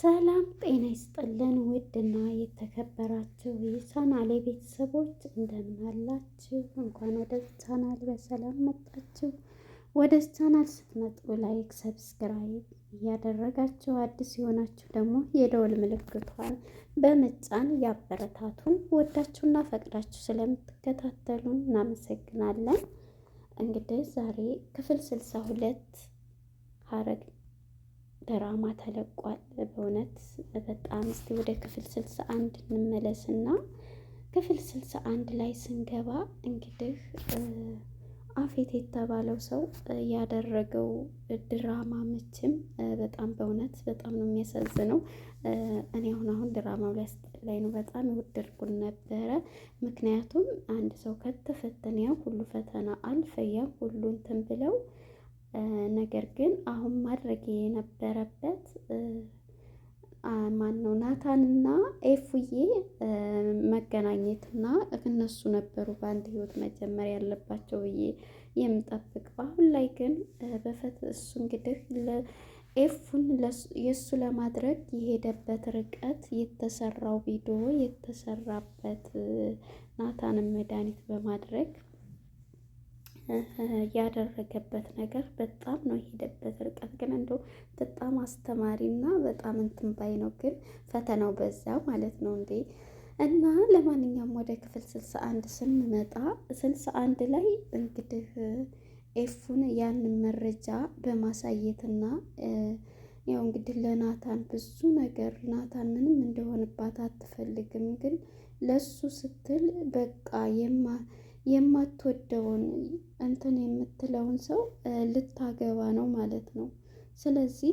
ሰላም ጤና ይስጥልን። ውድና የተከበራችሁ የቻናሌ ቤተሰቦች እንደምን አላችሁ? እንኳን ወደ ቻናል በሰላም መጣችሁ። ወደ ቻናል ስትመጡ ላይክ፣ ሰብስክራይብ እያደረጋችሁ አዲስ የሆናችሁ ደግሞ የደወል ምልክቷን በመጫን ያበረታቱን። ወዳችሁና ፈቅዳችሁ ስለምትከታተሉን እናመሰግናለን። እንግዲህ ዛሬ ክፍል ስልሳ ሁለት ሀረግ ድራማ ተለቋል። በእውነት በጣም እስቲ ወደ ክፍል ስልሳ አንድ እንመለስና ክፍል ስልሳ አንድ ላይ ስንገባ እንግዲህ አፌት የተባለው ሰው ያደረገው ድራማ መቼም በጣም በእውነት በጣም ነው የሚያሳዝነው። እኔ አሁን አሁን ድራማው ላይ ነው በጣም የወደድኩን ነበረ። ምክንያቱም አንድ ሰው ከተፈተነ ያ ሁሉ ፈተና አልፈ ያ ሁሉ እንትን ብለው ነገር ግን አሁን ማድረግ የነበረበት ማነው ናታንና ኤፉዬ መገናኘትና እነሱ ነበሩ በአንድ ህይወት መጀመር ያለባቸው ብዬ የምጠብቅ። አሁን ላይ ግን በፈት እሱ እንግዲህ ኤፉን የእሱ ለማድረግ የሄደበት ርቀት የተሰራው ቪዲዮ የተሰራበት ናታንን መድኃኒት በማድረግ ያደረገበት ነገር በጣም ነው የሄደበት ርቀት። ግን እንደው በጣም አስተማሪና በጣም እንትን ባይ ነው። ግን ፈተናው በዛ ማለት ነው እንዴ። እና ለማንኛውም ወደ ክፍል ስልሳ አንድ ስንመጣ ስልሳ አንድ ላይ እንግዲህ ኤፉን ያንን መረጃ በማሳየትና ያው እንግዲህ ለናታን ብዙ ነገር ናታን ምንም እንደሆንባት አትፈልግም፣ ግን ለሱ ስትል በቃ የማ የማትወደውን እንትን የምትለውን ሰው ልታገባ ነው ማለት ነው። ስለዚህ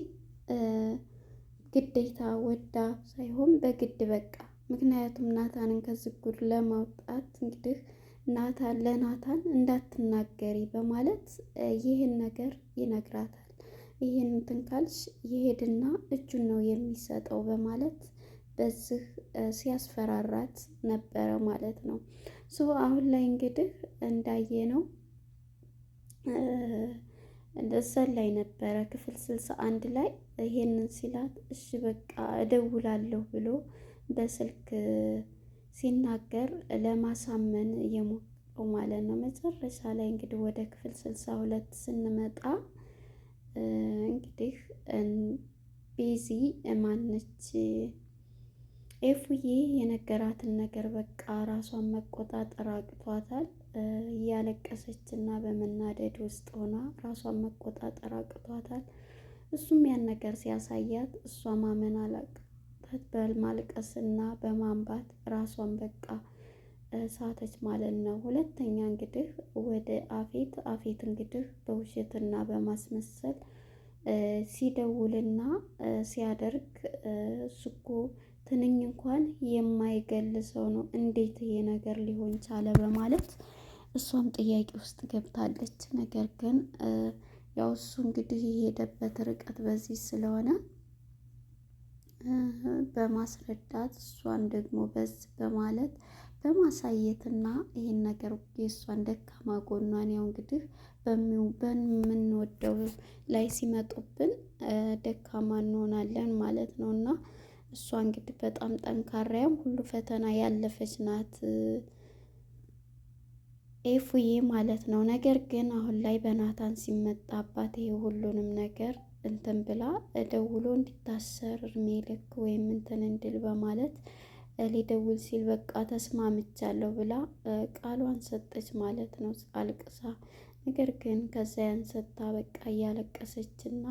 ግዴታ ወዳ ሳይሆን በግድ በቃ ምክንያቱም ናታንን ከዝጉር ለማውጣት እንግዲህ ናታን ለናታን እንዳትናገሪ በማለት ይህን ነገር ይነግራታል። ይህን እንትን ካልሽ ይሄድና እጁን ነው የሚሰጠው በማለት በዚህ ሲያስፈራራት ነበረ ማለት ነው። ሶ አሁን ላይ እንግዲህ እንዳየ ነው እንደዛን ላይ ነበረ ክፍል ስልሳ አንድ ላይ ይሄንን ሲላት እሺ በቃ እደውላለሁ ብሎ በስልክ ሲናገር ለማሳመን እየሞከረው ማለት ነው። መጨረሻ ላይ እንግዲህ ወደ ክፍል ስልሳ ሁለት ስንመጣ እንግዲህ ቤዚ ማነች ኤፉዬ የነገራትን ነገር በቃ ራሷን መቆጣጠር አቅቷታል። እያለቀሰች እና በመናደድ ውስጥ ሆና ራሷን መቆጣጠር አቅቷታል። እሱም ያን ነገር ሲያሳያት እሷ ማመን አላቅታት በማልቀስ እና በማንባት ራሷን በቃ ሳተች ማለት ነው። ሁለተኛ እንግዲህ ወደ አፌት አፌት እንግዲህ በውሸትና በማስመሰል ሲደውልና ሲያደርግ እሱ እኮ ትንኝ እንኳን የማይገልጸው ነው እንዴት ይሄ ነገር ሊሆን ቻለ በማለት እሷም ጥያቄ ውስጥ ገብታለች። ነገር ግን ያው እሱ እንግዲህ የሄደበት ርቀት በዚህ ስለሆነ በማስረዳት እሷን ደግሞ በዚህ በማለት በማሳየትና ይህን ነገር የእሷን ደካማ ጎኗን ያው እንግዲህ በምንወደው ላይ ሲመጡብን ደካማ እንሆናለን ማለት ነው እና እሷ እንግዲህ በጣም ጠንካራ ያም ሁሉ ፈተና ያለፈች ናት ኤፉዬ ማለት ነው። ነገር ግን አሁን ላይ በናታን ሲመጣባት ይሄ ሁሉንም ነገር እንትን ብላ ደውሎ እንዲታሰር እድሜ ልክ ወይም እንትን እንድል በማለት ሊደውል ሲል በቃ ተስማምቻለሁ ብላ ቃሏን ሰጠች ማለት ነው አልቅሳ። ነገር ግን ከዛ ያንሰታ በቃ እያለቀሰች እና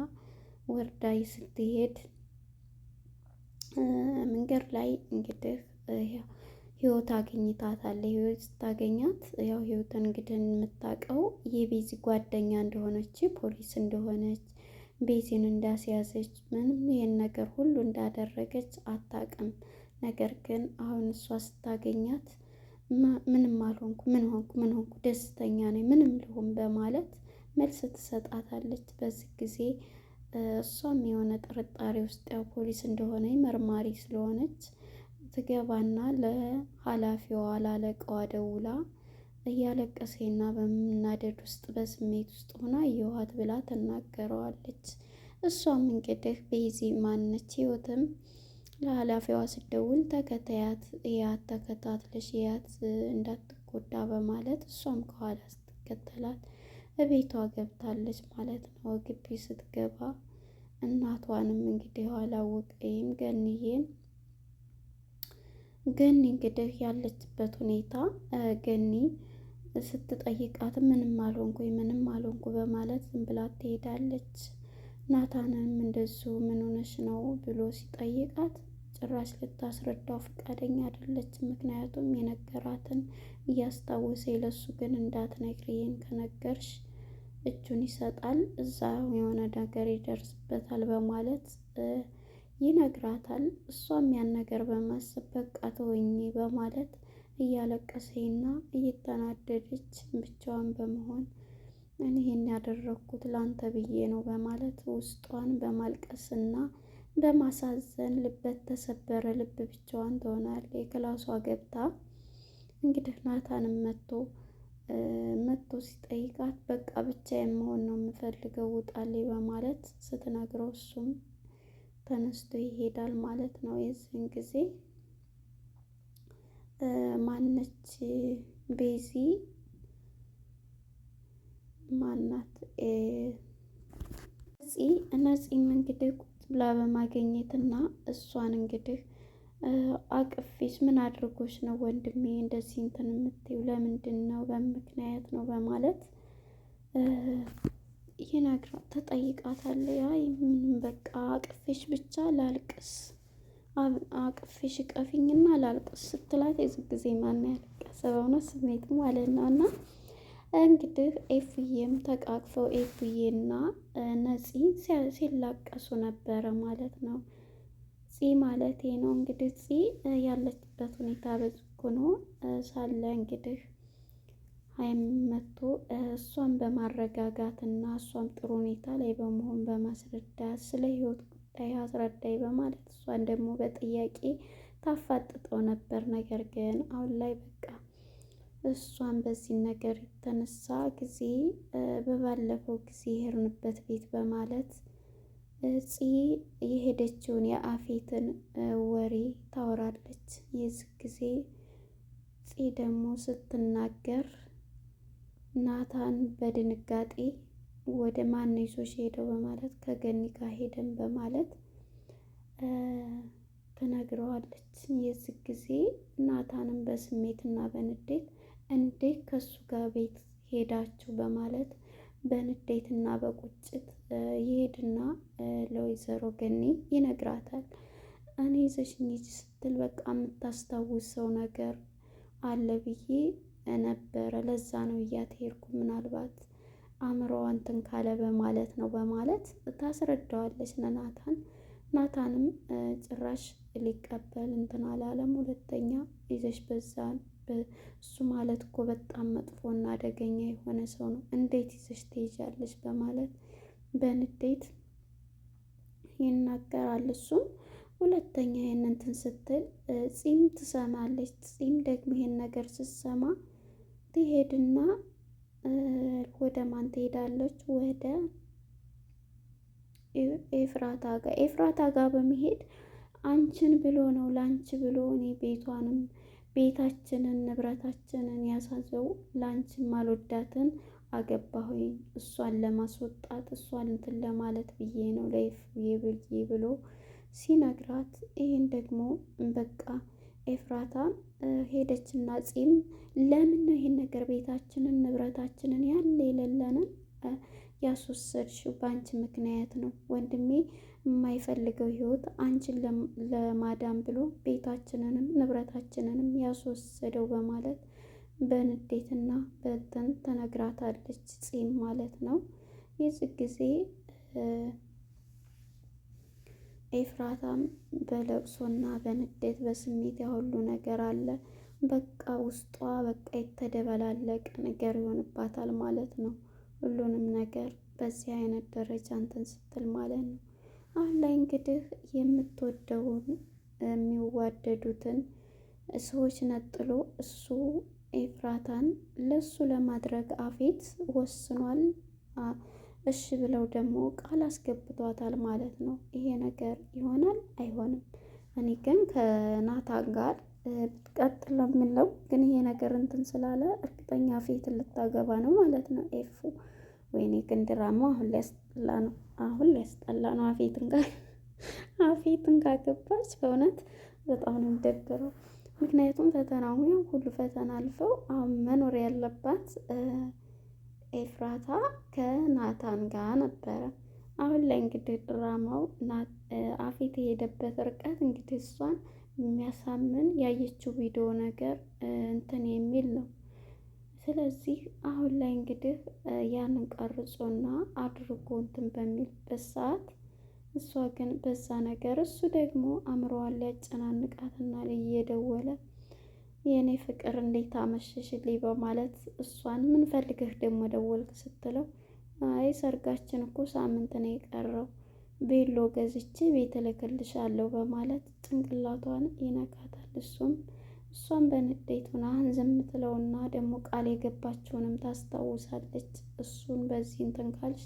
ወርዳይ ስትሄድ መንገድ ላይ እንግዲህ ህይወት አግኝታታለች። ህይወት ስታገኛት ያው ህይወት እንግዲህ የምታውቀው የቤዚ ጓደኛ እንደሆነች ፖሊስ እንደሆነች ቤዚን እንዳስያዘች ምንም ይህን ነገር ሁሉ እንዳደረገች አታውቅም። ነገር ግን አሁን እሷ ስታገኛት ምንም አልሆንኩ፣ ምን ሆንኩ፣ ምን ሆንኩ፣ ደስተኛ ነኝ፣ ምንም ልሆን በማለት መልስ ትሰጣታለች። በዚህ ጊዜ እሷም የሆነ ጥርጣሬ ውስጥ ያው ፖሊስ እንደሆነ መርማሪ ስለሆነች ትገባና ለኃላፊዋ ላለቀዋ ደውላ እያለቀሴና በምናደድ ውስጥ በስሜት ውስጥ ሆና የዋት ብላ ትናገረዋለች። እሷም እንግዲህ ቤዚ ማነች ህይወትም ለኃላፊዋ ስደውል ተከታያት እያት ተከታትለሽ እያት እንዳትጎዳ በማለት እሷም ከኋላ ስትከተላት እቤቷ ገብታለች ማለት ነው። ግቢ ስትገባ እናቷንም እንግዲህ አላወቀይም ገንዬን ገኒ እንግዲህ ያለችበት ሁኔታ ገኒ ስትጠይቃት ምንም አልሆንኩ ምንም አልሆንኩ በማለት ዝም ብላ ትሄዳለች። ናታንም እንደዚሁ ምን ሆነሽ ነው ብሎ ሲጠይቃት ጭራሽ ልታስረዳው ፈቃደኛ አይደለች ምክንያቱም የነገራትን እያስታወሰ የለሱ ግን እንዳትነግሪኝ ከነገርሽ እጁን ይሰጣል። እዛ የሆነ ነገር ይደርስበታል በማለት ይነግራታል። እሷም ያን ነገር በማሰብ በቃ ተወኝ በማለት እያለቀሰኝና እየተናደደች ብቻዋን በመሆን እኔ ይሄን ያደረግኩት ላንተ ብዬ ነው በማለት ውስጧን በማልቀስና በማሳዘን ልበት ተሰበረ ልብ ብቻዋን ትሆናለች። የክላሷ ገብታ እንግዲህ ናታንም መጥቶ መጥቶ ሲጠይቃት በቃ ብቻ የመሆን ነው የምፈልገው ውጣሌ በማለት ስትነግረው እሱም ተነስቶ ይሄዳል ማለት ነው። የዚህን ጊዜ ማነች ቤዚ ማናት ነፂ ነፂም እንግዲህ ቁጭ ብላ በማግኘት እና እሷን እንግዲህ አቅፌሽ ምን አድርጎች ነው ወንድሜ እንደዚህ እንትን የምትይው ለምንድን ነው በምክንያት ነው በማለት ይነግራ ተጠይቃታለ። ያ ምንም በቃ አቅፌሽ ብቻ ላልቅስ አቅፌሽ እቀፊኝና ላልቅስ ስትላት የዚ ጊዜ ማን ያለቀሰ በሆነ ስሜት ማለት ነው እና እንግዲህ ኤፍዬም ተቃቅፈው ኤፍዬና ነፂ ሲላቀሱ ነበረ ማለት ነው። ማለት ይሄ ነው። እንግዲህ ፂ ያለችበት ሁኔታ በዝኩ ነው ሳለ እንግዲህ አይመቶ እሷን በማረጋጋት እና እሷም ጥሩ ሁኔታ ላይ በመሆን በማስረዳት ስለ ህይወት ጉዳይ አስረዳይ በማለት እሷን ደግሞ በጥያቄ ታፋጥጠው ነበር። ነገር ግን አሁን ላይ በቃ እሷን በዚህ ነገር የተነሳ ጊዜ በባለፈው ጊዜ የሄድንበት ቤት በማለት እፂ የሄደችውን የአፌትን ወሬ ታወራለች። የዚህ ጊዜ ፂ ደግሞ ስትናገር ናታን በድንጋጤ ወደ ማን ይዞሽ ሄደው በማለት ከገኒ ጋር ሄደን በማለት ትነግረዋለች። የዚህ ጊዜ ናታንን በስሜትና በንዴት እንዴት ከሱ ጋር ቤት ሄዳችሁ በማለት በንዴትና በቁጭት ይሄድና ለወይዘሮ ገኒ ይነግራታል። እኔ ይዘሽኝ ሂጂ ስትል በቃ የምታስታውሰው ነገር አለ ብዬ ነበረ ለዛ ነው እያትሄድኩ ምናልባት አእምሮዋን ካለ በማለት ነው በማለት ታስረዳዋለች ለናታን። ናታንም ጭራሽ ሊቀበል እንትን አላለም። ሁለተኛ ይዘሽ በዛ ነው እሱ ማለት እኮ በጣም መጥፎና አደገኛ የሆነ ሰው ነው፣ እንዴት ይዘሽ ትይዣለሽ? በማለት በንዴት ይናገራል። እሱም ሁለተኛ ይህንን እንትን ስትል ጺም ትሰማለች። ጺም ደግሞ ይሄን ነገር ስትሰማ ትሄድና ወደ ማን ትሄዳለች? ወደ ኤፍራታ ጋር ኤፍራታ ጋር በመሄድ አንቺን ብሎ ነው ለአንቺ ብሎ እኔ ቤቷንም ቤታችንን ንብረታችንን ያሳዘው ላንቺም አልወዳትን አገባሁኝ እሷን ለማስወጣት እሷን እንትን ለማለት ብዬ ነው ለይፍዬ ብዬ ብሎ ሲነግራት፣ ይህን ደግሞ በቃ ኤፍራታ ሄደችና ጺም ለምን ነው ይህን ነገር ቤታችንን ንብረታችንን ያለ የሌለንን ያስወሰድሽው በአንቺ ምክንያት ነው። ወንድሜ የማይፈልገው ህይወት አንቺን ለማዳን ብሎ ቤታችንንም ንብረታችንንም ያስወሰደው በማለት በንዴትና በእንትን ተነግራታለች። ጺም ማለት ነው። የዚህ ጊዜ ኤፍራታም በለቅሶና በንዴት በስሜት ያሁሉ ነገር አለ። በቃ ውስጧ በቃ የተደበላለቀ ነገር ይሆንባታል ማለት ነው። ሁሉንም ነገር በዚህ አይነት ደረጃ እንትን ስትል ማለት ነው። አሁን ላይ እንግዲህ የምትወደውን የሚዋደዱትን ሰዎች ነጥሎ እሱ ኤፍራታን ለሱ ለማድረግ አፌት ወስኗል። እሺ ብለው ደግሞ ቃል አስገብቷታል ማለት ነው። ይሄ ነገር ይሆናል አይሆንም። እኔ ግን ከናታን ጋር ቀጥል ነው የምለው። ግን ይሄ ነገር እንትን ስላለ እርግጠኛ ፌት ልታገባ ነው ማለት ነው ኤፉ ወይኔ ግን ድራማው አሁን ሊያስጠላ ነው። አሁን ሊያስጠላ ነው። አፌትን ጋር አፌትን ጋር ገባች። በእውነት በጣም ነው የሚደብረው። ምክንያቱም ፈተናው ያው ሁሉ ፈተና አልፈው አሁን መኖር ያለባት ኤፍራታ ከናታን ጋር ነበረ። አሁን ላይ እንግዲህ ድራማው አፌት የሄደበት ርቀት እንግዲህ እሷን የሚያሳምን ያየችው ቪዲዮ ነገር እንትን የሚል ነው። ስለዚህ አሁን ላይ እንግዲህ ያንን ቀርጾና አድርጎ እንትን በሚልበት ሰዓት እሷ ግን በዛ ነገር እሱ ደግሞ አእምሮዋን ሊያጨናንቃትና እየደወለ የእኔ ፍቅር እንዴት አመሸሽልኝ በማለት እሷን ምን ደግሞ ደወልክ ስትለው አይ ሰርጋችን እኮ ሳምንት ነው የቀረው ቤሎ ገዝቼ ቤት እልክልሻለሁ በማለት ጭንቅላቷን ይነካታል እሱም እሷም በንዴት ሆና ዝም ትለውና ደግሞ ቃል የገባችውንም ታስታውሳለች። እሱን በዚህ እንትን ካልሽ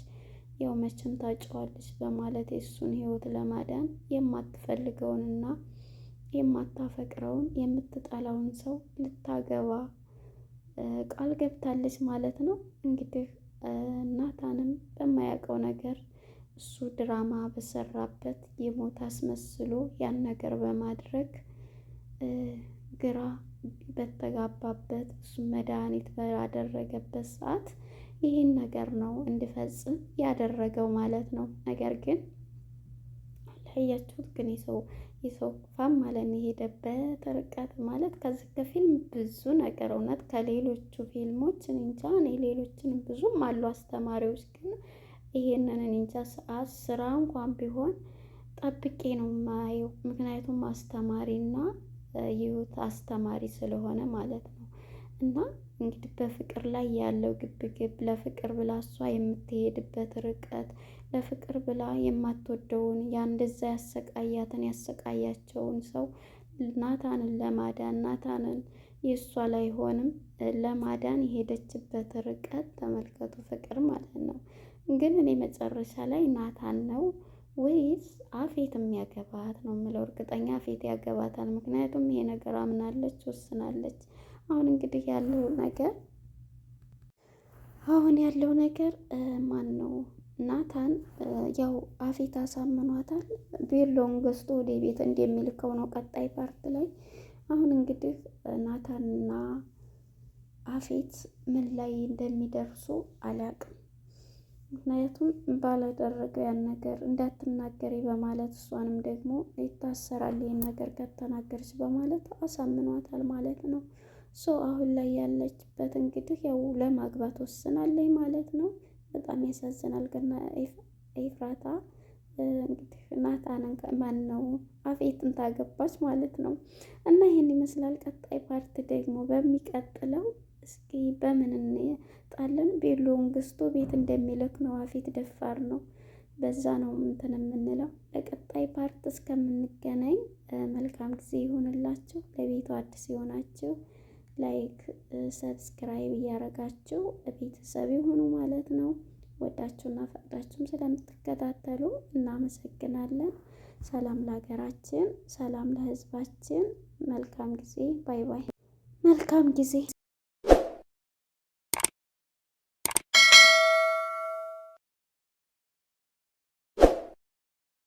ያው መቼም ታጨዋለች በማለት የእሱን ህይወት ለማዳን የማትፈልገውንና የማታፈቅረውን የምትጠላውን ሰው ልታገባ ቃል ገብታለች ማለት ነው። እንግዲህ እናታንም በማያውቀው ነገር እሱ ድራማ በሰራበት የሞት አስመስሎ ያን ነገር በማድረግ ግራ በተጋባበት እሱ መድኃኒት ባደረገበት ሰዓት ይህን ነገር ነው እንድፈጽም ያደረገው ማለት ነው። ነገር ግን ለያችሁት ግን የሰው የሰው ፋም ማለት ነው የሄደበት ርቀት ማለት ከዚህ ከፊልም ብዙ ነገር እውነት ከሌሎቹ ፊልሞች እንጃ እኔ ሌሎችን ብዙም አሉ አስተማሪዎች ግን ይሄንን እንጃ ሰዓት ስራ እንኳን ቢሆን ጠብቄ ነው ማየው። ምክንያቱም አስተማሪና የህይወት አስተማሪ ስለሆነ ማለት ነው። እና እንግዲህ በፍቅር ላይ ያለው ግብግብ ለፍቅር ብላ እሷ የምትሄድበት ርቀት ለፍቅር ብላ የማትወደውን ያን ያሰቃያትን ያሰቃያቸውን ሰው ናታንን ለማዳን ናታንን የእሷ ላይሆንም ለማዳን የሄደችበት ርቀት ተመልከቱ። ፍቅር ማለት ነው። ግን እኔ መጨረሻ ላይ ናታን ነው ወይስ አፌት የሚያገባት ነው የምለው። እርግጠኛ አፌት ያገባታል። ምክንያቱም ይሄ ነገር አምናለች፣ ወስናለች። አሁን እንግዲህ ያለው ነገር አሁን ያለው ነገር ማን ነው ናታን ያው አፌት አሳምኗታል። ቤሎን ገዝቶ ወደ ቤት እንደሚልከው ነው ቀጣይ ፓርት ላይ። አሁን እንግዲህ ናታንና አፌት ምን ላይ እንደሚደርሱ አላቅም። ምክንያቱም ባላደረገው ያን ነገር እንዳትናገሪ በማለት እሷንም ደግሞ ይታሰራል ይህን ነገር ከተናገርች በማለት አሳምኗታል ማለት ነው። ሶ አሁን ላይ ያለችበት እንግዲህ ያው ለማግባት ወስናለኝ ማለት ነው። በጣም ያሳዝናል። ግና ኤፍራታ እንግዲህ ናታንን ማን ነው አፌትን ታገባች ማለት ነው። እና ይህን ይመስላል። ቀጣይ ፓርት ደግሞ በሚቀጥለው እስኪ በምን እንጣለን? ቤሎውን ገዝቶ ቤት እንደሚልክ ነዋፊት ደፋር ነው። በዛ ነው እንትን የምንለው። ለቀጣይ ፓርት እስከምንገናኝ መልካም ጊዜ ይሁንላችሁ። ለቤቱ አዲስ የሆናችሁ ላይክ፣ ሰብስክራይብ እያረጋችሁ ቤተሰብ የሆኑ ማለት ነው። ወዳችሁና ፈቅዳችሁም ስለምትከታተሉ እናመሰግናለን። ሰላም ለሀገራችን፣ ሰላም ለሕዝባችን። መልካም ጊዜ። ባይ ባይ። መልካም ጊዜ